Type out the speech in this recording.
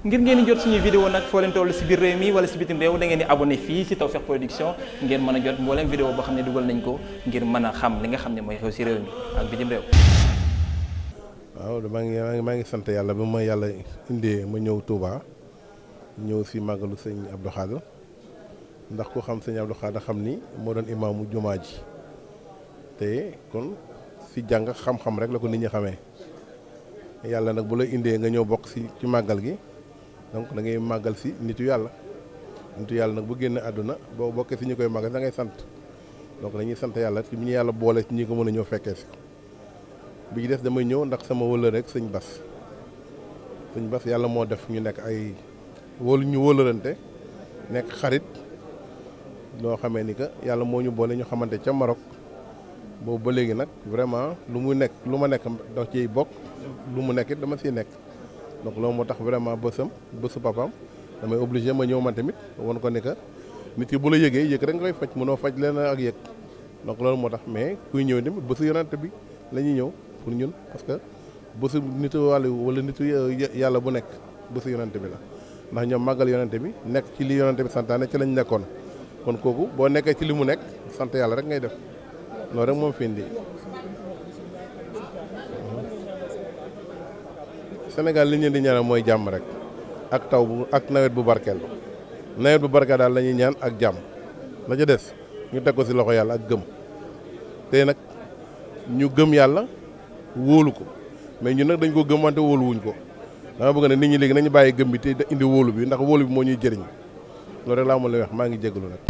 ngir ngeen di jot suñuy vidéo nag foo leen toll si biir réew mi wala si bitim réew da ngeen di abonné fii si Tawfekh Production ngeen mën a jot mbooleem vidéo boo xam ne dugal nañ ko ngir mën a xam li nga xam ne mooy xew ak bitim réew waaw maa ngi maa ngi sant yàlla ba ma yàlla indee ma ñëw Touba ñëw si màggalu sëñ Abdou Khadre ndax ku xam sëñ Abdou Khadre xam ni moo doon imaamu jumaa ji te kon si jàng xam-xam rek la ko nit ñi xamee yàlla nag bu indee nga ñëw bokk si ci màggal gi donc dangay ngay màggal si nitu yàlla nitu yàlla nag bu génn àdduna boo bokkee si ñu koy màggal da ngay sant donc dañuy sant yàlla ci mu ñu yàlla boole si ñi ko mën a ñëw fekkee si bi ci des damay ñëw ndax sama wëla rek sañ bas sëñ bas yàlla moo def ñu nekk ay wóolu ñu wóolërante nekk xarit loo xamee ni que yàlla moo ñu boole ñu xamante ca Maroc boobu ba léegi nag vraiment lu mu nekk lu ma nekk da ciy bokk lu mu nekk it dama siy nekk donc loolu moo tax vraiment bësam bësu papaam damay obligé ma ñëw man tamit won ko ne que nit ki bu la yëgee yëg rek nga koy faj mënoo faj leen ak yëg donc loolu moo tax mais kuy ñëw tamit bësu yonent bi la ñuy ñëw pour ñun parce que bësu nitu wàllu wala nitu yàlla bu nekk bësu yonent bi la ndax ñoom màggal yonent bi nekk ci li yonent bi santaane ci lañ nekkoon kon kooku boo nekkee ci li mu nekk sant yàlla rek ngay def loolu rek moom fi Sénégal li ñu leen di ñaanal mooy jàmm rek ak taw bu ak nawet bu barkeel nawet bu barkeel daal la ñuy ñaan ak jàmm la ca ñu teg ko si loxo yàlla ak gëm tey nag ñu gëm yàlla wóolu ko mais ñun nag dañ ko gëm wante wóolu wuñ ko dama bëgg ne nit ñi léegi nañu bàyyi gëm bi te indi wóolu bi ndax wóolu bi moo ñuy jëriñ loolu rek laa amoon li wax maa ngi jégalu nak